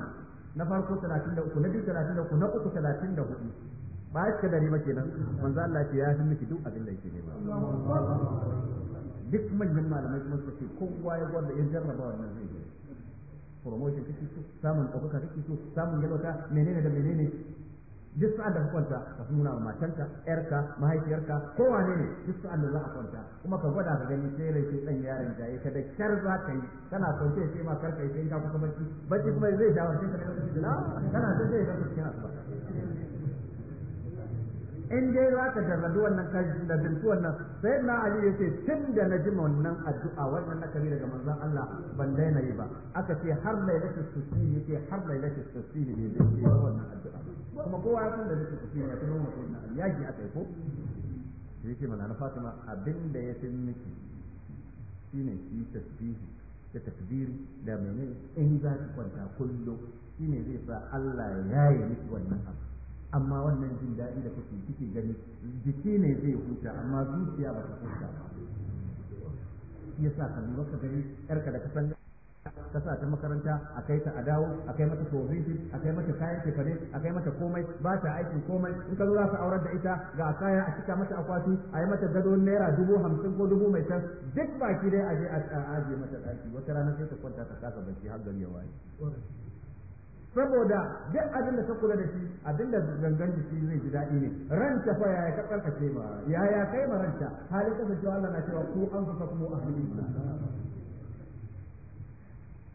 na farko 33 na biyu 33 na uku 34 ba shi ka dare ba kenan manzo Allah ce ya fi miki duk abin da yake nema duk manyan malamai kuma suka ce kowa ya gwada ya jarraba wannan zai yi promotion kake so samun ɗaukaka kake so samun yalwata menene da menene duk sa'an da ka kwanta ka nuna wa matanka yarka mahaifiyarka ko wane ne duk sa'an da za a kwanta kuma ka gwada ka gani sai rai sai dan yaron jaye ka da kyar za ka yi kana kwance sai ma karka sai ka kusa bacci bacci kuma zai dawo sai ka da kana sai zai ka kusa kina in dai za ka jarrabi wannan da dintu wannan sai na ali ce tun da na ji wannan addu'a wannan na kare daga manzon Allah ban daina yi ba aka ce har lailatul ya ce har lailatul sufi ne da yake wannan addu'a kuma kowa ya san da lailatul sufi ne kuma san na yaki a yi ko ce mana na Fatima abin da ya san miki shine shi tasbihi da takbiri da menene in za ki kwanta kullum shine zai sa Allah ya yi miki wannan abu amma wannan jin daɗi da kuke kike gani jiki ne zai huta amma zuciya ba ta huta sa ka lura ka gani yarka da kasan ka sa ta makaranta a kai ta a dawo a kai mata provision a kai mata kayan tefane a kai mata komai ba ta aikin komai in ka za ka aurar da ita ga a kaya a cika mata akwati a yi mata gado naira dubu hamsin ko dubu mai can duk baki dai a je a ajiye mata ɗaki wata rana sai ta kwanta ta kasa bacci har gari ya waye saboda duk abin da ta kula da shi abin da gangan jiki zai ji daɗi ne ranta fa yaya ka tsarkace ma yaya kai ma ranta halin kasancewa Allah na cewa ku an fasa kuma ahli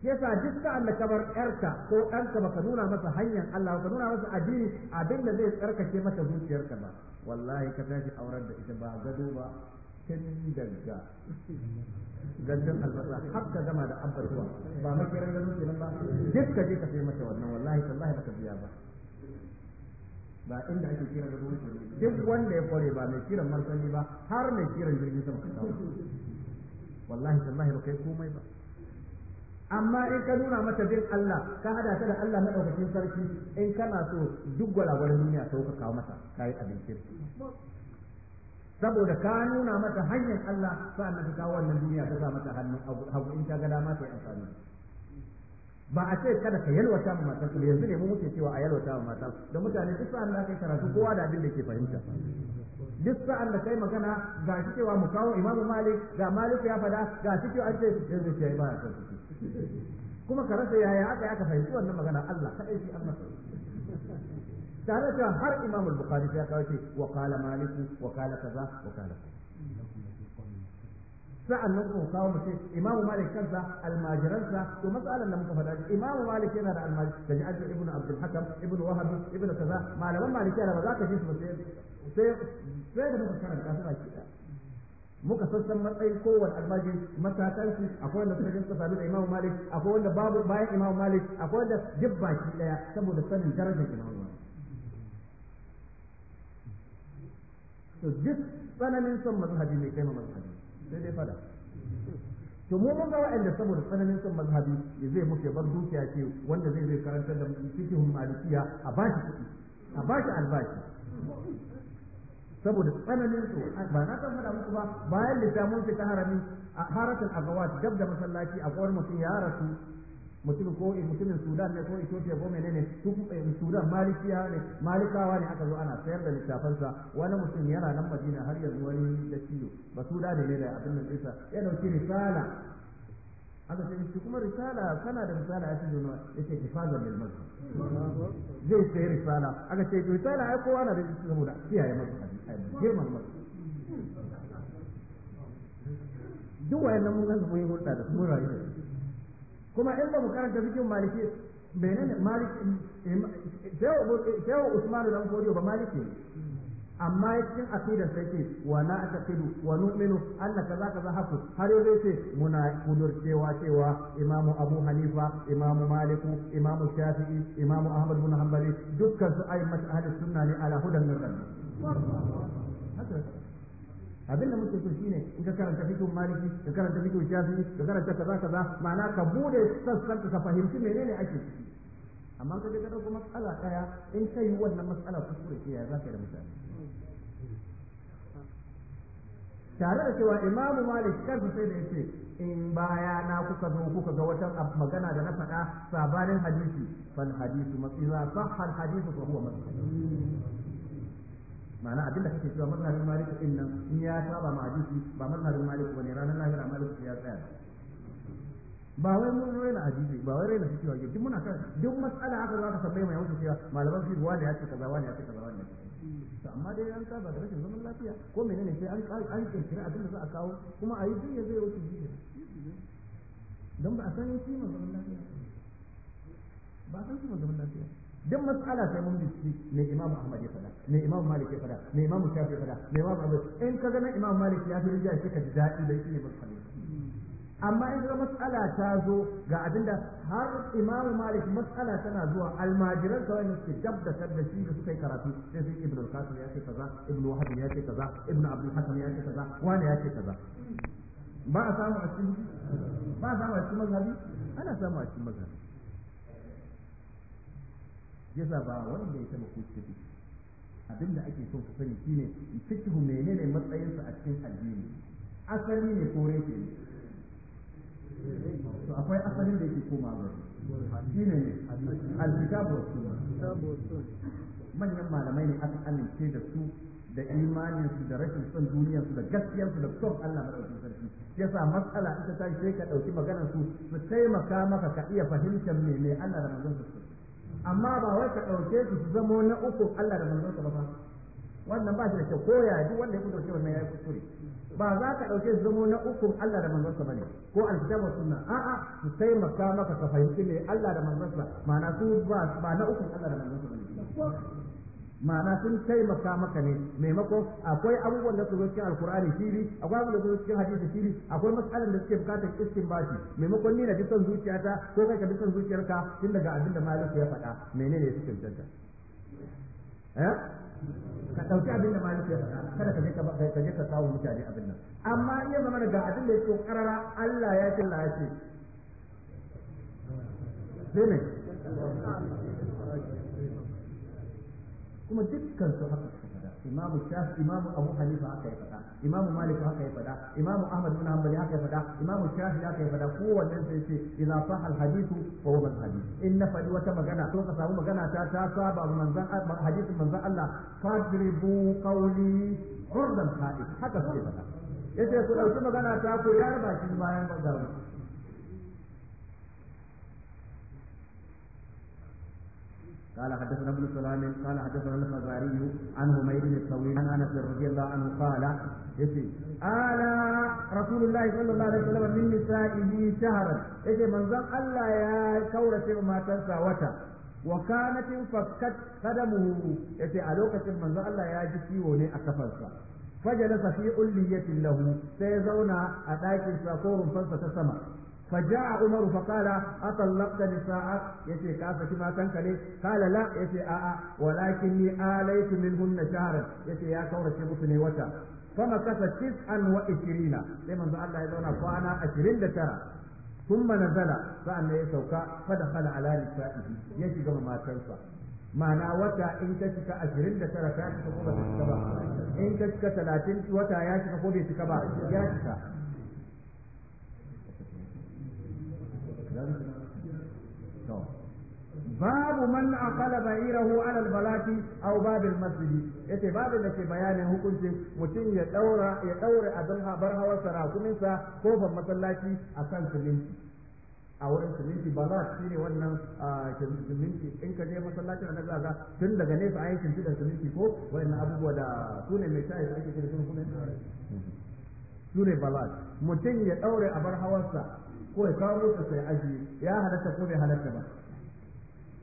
yasa duk sa'an da kamar bar yarka ko ɗanka baka nuna masa hanyar Allah ka nuna masa addini abin da zai tsarkake masa zuciyarka ba wallahi ka tashi auren da ita ba gado ba tun daga gandun albasa har ka gama da abbatuwa ba makirar gano kenan ba duk ka je ka sai mata wannan wallahi tallahi baka biya ba ba inda ake kiran da ruwan duk wanda ya kware ba mai kiran martani ba har mai kiran jirgin sama ka dawo wallahi tallahi ba yi komai ba amma in ka nuna mata bin Allah ka hada ta da Allah madaukakin sarki in kana so duk gwalagwalar duniya sauka kawo mata kai abin kirki saboda ka nuna mata hanyar Allah sa'annan ka kawo wannan duniya ta sa mata hannun hagu in ta ga dama ta yi ba a ce kada ka yalwata mu matar ku yanzu ne mu muke cewa a yalwata mu matar da mutane duk sa'an da kai karatu kowa da abin da ke fahimta duk sa'an da kai magana ga shi cewa mu kawo Imam Malik ga Malik ya fada ga shi cewa an ce yanzu ce ba ya kuma ka rasa yaya aka aka fahimci wannan magana Allah kadai shi Allah tare da har Imam al-Bukhari ya kawo shi wa qala Malik wa qala kaza wa qala sa'annan kuma kawo mu sai Imam Malik kansa sa to masalan da muka faɗa Imam Malik yana da al-malik da ji ibnu Ibn Abdul Hakam Ibn Wahab Ibn kaza malaman Malik yana ba za ka ji su sai sai sai da muka karanta su baki muka sassan matsayin kowane almaji matakan su akwai wanda suka jinsa sami da imamu malik akwai wanda babu bayan imamu malik akwai wanda duk baki daya saboda sanin darajar imamu malik to duk tsananin son mazhabi mai kai mazhabi sai dai fada to mu mun ga wa'anda saboda tsananin son mazhabi ya zai muke bar dukiya ce wanda zai zai karantar da fikihun malikiya a bashi kuɗi a bashi albashi saboda tsananin su ba na san fada muku ba bayan littafin fita harami a haratan agawat dab da masallaci a kowar mutum ya rasu mutum ko mutumin Sudan ne ko Ethiopia ko menene su eh, Sudan malikiya ne malikawa ne aka zo ana sayar da littafansa wani mutum yana nan Madina har yanzu wani da ciwo ba Sudan ne da abin nan ɗinsa ya dauki risala aka ce shi kuma risala kana da risala ya cizo nawa yace ifazan lil mazhab zai sayi risala aka ce risala ai kowa na da shi saboda kiyaye mazhabi ai girman mazhabi duk wayannan mun ga mun hulɗa da mun rayu kuma in ba mu karanta fikin maliki menene maliki eh, sai usmanu dan kodiyo ba maliki amma cikin akidar sai ce wa na taqidu wa nu'minu anna kaza kaza haku, har yau ce muna kudurcewa cewa imamu abu hanifa imamu maliku imamu shafi'i imamu ahmad bin hanbali dukkan su ayyukan ahli sunna ne ala hudan da rabbi abin da muke so shine in ka karanta fikin maliki ka karanta fikin shafi ka karanta kaza kaza ma'ana ka bude sassan ka fahimci menene ake ciki amma ka ga dauko matsala daya in ka yi wannan matsala kuskure ce ya zaka da mutane tare da cewa imamu malik kansa sai da yace in baya na kuka zo kuka ga wata magana da na faɗa sabanin hadisi fal hadisu matsira sahha al hadisu fa huwa ma'ana abinda kake cewa mazhabin malik din nan in ya saba ma hadisi ba mazhabin malik bane ranar lahira malik ya tsaya ba wai mun na hadisi ba wai raina cewa duk muna kan duk matsala aka zo aka tambaye mai wuce cewa malaman ruwa ne ya ce kaza wani ya ce kaza wani ya ce to amma dai an saba da rashin zaman lafiya ko menene sai an an kirkira abin da za a kawo kuma a yi duk zai wuce jiya don ba a san kiman zaman lafiya ba a san kiman zaman lafiya duk mas'ala sai mun binciki mai Imam Ahmad ya faɗa mai Imam Malik ya faɗa mai Imam Shafi ya faɗa mai Imam Abu in ka na Imam Malik ya fi rija shi ka ji daɗi bai shi ne mas'ala amma in ga mas'ala ta zo ga abinda har Imam Malik mas'ala tana zuwa almajiran kawai ne suke dab da da shi da suka yi karatu sai sai Ibn al-Qasim ya ce kaza Ibn Wahab ya ce kaza Ibn Abdul Hakam ya ce kaza wani ya ce kaza ba a samu a cikin ba a samu a cikin mazhabi ana samu a cikin mazhabi yasa ba wanda ya taba abin abinda ake son ka sani shine fiqh menene matsayinsa a cikin addini asali ne ko reke ne to akwai asalin da yake koma ga shine ne alkitabu manyan malamai ne aka amince da su da imanin su da rashin son duniyar su da gaskiyar su da son Allah madaukakin sarki yasa matsala ita ta sai ka dauki maganar su su taimaka maka ka iya fahimtar me me Allah da manzon sa amma ba wai ka ɗauke su su zamo na uku Allah da manzon ba wannan ba shi da kyau ko ya duk wanda ya dauke wannan ya yi kuskure ba za ka ɗauke su zamo na uku Allah da manzon sa bane ko alkitabu sunna a'a su taimaka maka ka fahimci ne Allah da manzon sa ma'ana su ba na uku Allah da manzon sa bane ma'ana sun taimaka maka ne maimako akwai abubuwan da suke cikin alkur'ani shiri akwai abubuwan da suke cikin hadisi shiri akwai matsalan da suke bukatar istinbati maimakon ni na bi son zuciyata ko kai ka bi son zuciyarka tun daga abin da maliku ya faɗa menene ya cancanta eh ka ɗauki abin da maliku ya faɗa kada ka je ka ka je ka kawo mutane abin nan amma iya zama daga abin da yake karara Allah ya ce Allah ya ce sai kuma dukkan su haka suka fada imamu shafi imamu abu hanifa haka ya fada imamu malik haka ya fada imamu ahmad bin hanbali haka ya fada imamu shafi haka ya fada kowanne sai ce idza sah al hadithu fa huwa al hadith in na fadi wata magana to ka samu magana ta ta saba manzon hadithin manzon Allah fadribu qawli urdan hadith haka suke fada yace ku dauki magana ta ku yar bakin bayan bazaro قال حدثنا ابن سلام قال حدثنا الخزاري عن همير الطويل عن انس رضي الله عنه قال يسي آلا رسول الله صلى الله عليه وسلم من نسائه شهرا يسي من ظن ألا يا كورة ما تنسى وتا وكانت فكت قدمه يسي ألوكة من ظن ألا يا جسيوني أكفلسا فجلس في ألية له سيزونا أتاكي ساقور فلسة سما فجاء عمر فقال أطلقت نساء يتي كافة ما تنكلي قال لا يتي آآ ولكني آليت منهن شهرا يتي يا كورة شبطني وتا فما كفى تسعا وإشرين لما ذا الله يدونا فأنا أشرين لترى ثم نزل فأنا يسوكا فدخل على نسائه يجي كما ما تنسى ma'ana wata إن تشك أشرين لترى فأنا tara ta cika ko ba ta cika ba in ta babu man aqala ba'irahu ala al-balati aw bab ya ce yace babu da bayanin hukunci mutum ya daura ya daure abin habar hawa sarakumin sa kofar masallaci akan siminti a wurin siminti ba za shi wannan siminti in ka je masallacin da zaga tun daga nesa ayi siminti da siminti ko wayannan abubuwa da su ne mai shayi da ake kira su kuma su ne balad mutum ya daure abar hawarsa ko ya kawo motsa aji ya halarta ko bai halatta ba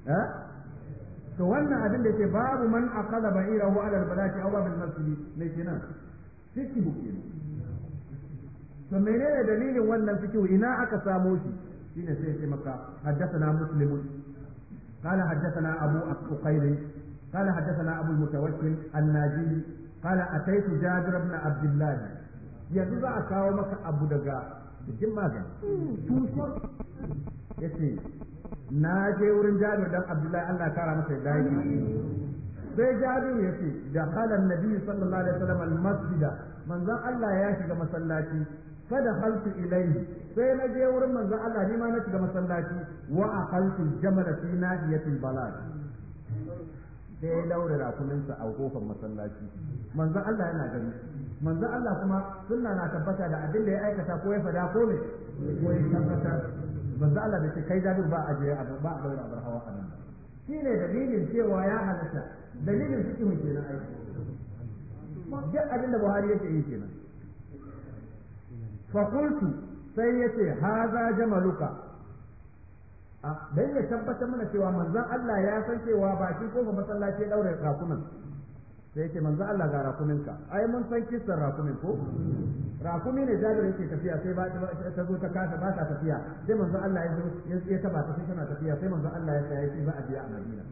to wannan abin da ke babu man a aqala ba'irahu ala al-balati aw bil masjidi ne kenan fiki ne to menene dalilin wannan fiki ina aka samo shi shine sai ya ce maka haddathana muslimun قال حدثنا أبو أقيل قال حدثنا أبو المتوكل الناجي قال أتيت جابر بن عبد الله yanzu za a kawo maka abu daga na je wurin Jabir dan Abdullahi Allah ya kara masa yadda sai Jabir ya ce da halan Nabi sallallahu alaihi wasallam al-masjida manzon Allah ya shiga masallaci kada haltu ilaihi sai na je wurin manzon Allah ni ma na shiga masallaci wa aqaltu jamala fi nahiyatil balad sai ya daure rakuminsa a kofar masallaci manzon Allah yana gani manzon Allah kuma sunna na tabbata da abin da ya aikata ko ya fada ko ne ko ya tabbata manzo Allah bai ce kai Jabir ba a jiya ba a daura bar hawa anan shine dalilin cewa ya halatta dalilin kuma kenan ai duk da Buhari yake yi kenan fa qultu sai yace haza jamaluka a dan ya tabbatar mana cewa manzon Allah ya san cewa ba shi ko masallaci ya daure kakunan sai ce manzo Allah ga rakuminka ai mun san kissan rakumin ko rakumi ne jabir yake tafiya sai ba ta zo ta kasa ba ta tafiya sai manzo Allah ya zo ya taba ta sai tana tafiya sai manzo Allah ya tsaya shi ba a biya a Madina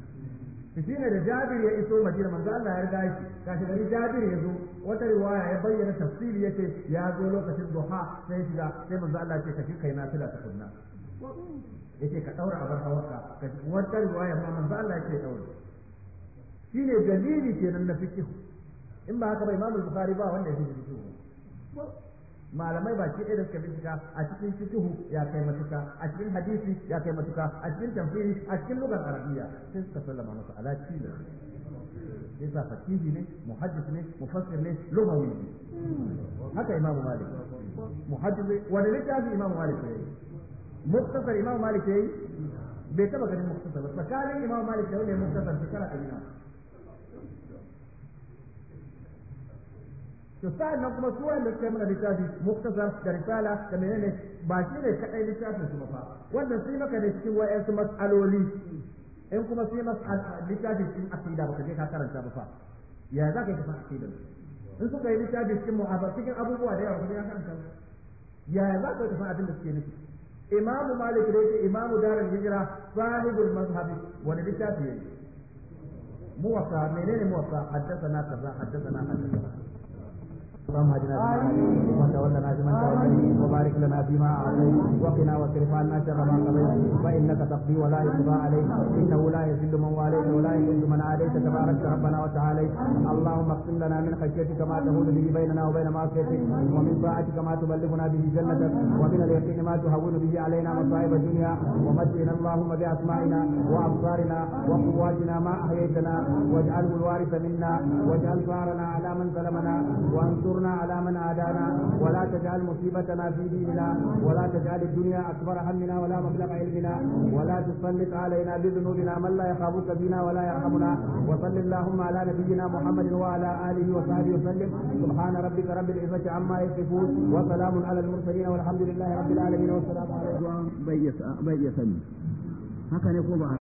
shi ne da jabir ya iso Madina manzo Allah ya riga shi kashi gari jabir ya zo wata riwaya ya bayyana tafsiri yake ya zo lokacin duha sai shiga sai manzo Allah ya ce kashi kai na ta kunna yake ka daura abar hawarka wata riwaya ma manzo Allah ya ce daura ne dalili kenan na fikin in ba haka ba imamul Bukhari ba wanda ya fi fiqh malamai ba ke irin suka bincika a cikin fiqhu ya kai matuka a cikin hadisi ya kai matuka a cikin tamfiri a cikin lugar arabiya sai suka sallama masa ala tilo sa fatihi ne muhaddis ne mufassir ne lugawi ne haka imamu malik muhaddis ne littafi imamu malik yayi muktasar imamu malik yayi bai taba ganin muktasar ba tsakanin imamu malik da wanda muktasar shekara ɗari na to sa'annan kuma su wanda suka mana littafi Muktasa, da risala da menene ba shi ne kadai littafin su fa wannan sai maka da cikin wayansu mas'aloli in kuma sai mas'al littafi cikin aqida ba je ka karanta ba fa ya za ka yi fa aqida in suka yi littafi cikin mu'aba cikin abubuwa da yawa ba ka karanta ba ya za ka yi fa abin da suke nufi imamu malik da yake imamu Darar hijira sahibul mazhabi wani littafi ne muwaffa menene haddasa na kaza na haddasa اللهم اهدنا فيمن وتولنا فيمن توليت وبارك لنا فيما اعطيت وقنا واصرف عنا شر ما قضيت فانك تقضي ولا يقضى عليك انه لا يذل من واليت ولا يعز من عاديت تبارك ربنا وتعالي اللهم اقسم لنا من خشيتك ما تهون به بيننا وبين معصيتك ومن طاعتك ما تبلغنا به جنتك ومن اليقين ما تهون به علينا مصائب الدنيا ومتعنا اللهم باسمائنا وابصارنا وقواتنا ما احييتنا واجعله الوارث منا واجعل ثارنا على من ظلمنا وانصرنا وانصرنا على من عادانا ولا تجعل مصيبتنا في ديننا ولا تجعل الدنيا أكبر همنا ولا مبلغ علمنا ولا تسلط علينا بذنوبنا من لا يخافك فينا ولا يرحمنا وصل اللهم على نبينا محمد وعلى آله وصحبه وسلم سبحان ربك رب العزة عما يصفون وسلام على المرسلين والحمد لله رب العالمين والسلام عليكم بيس بيس haka ne ko ba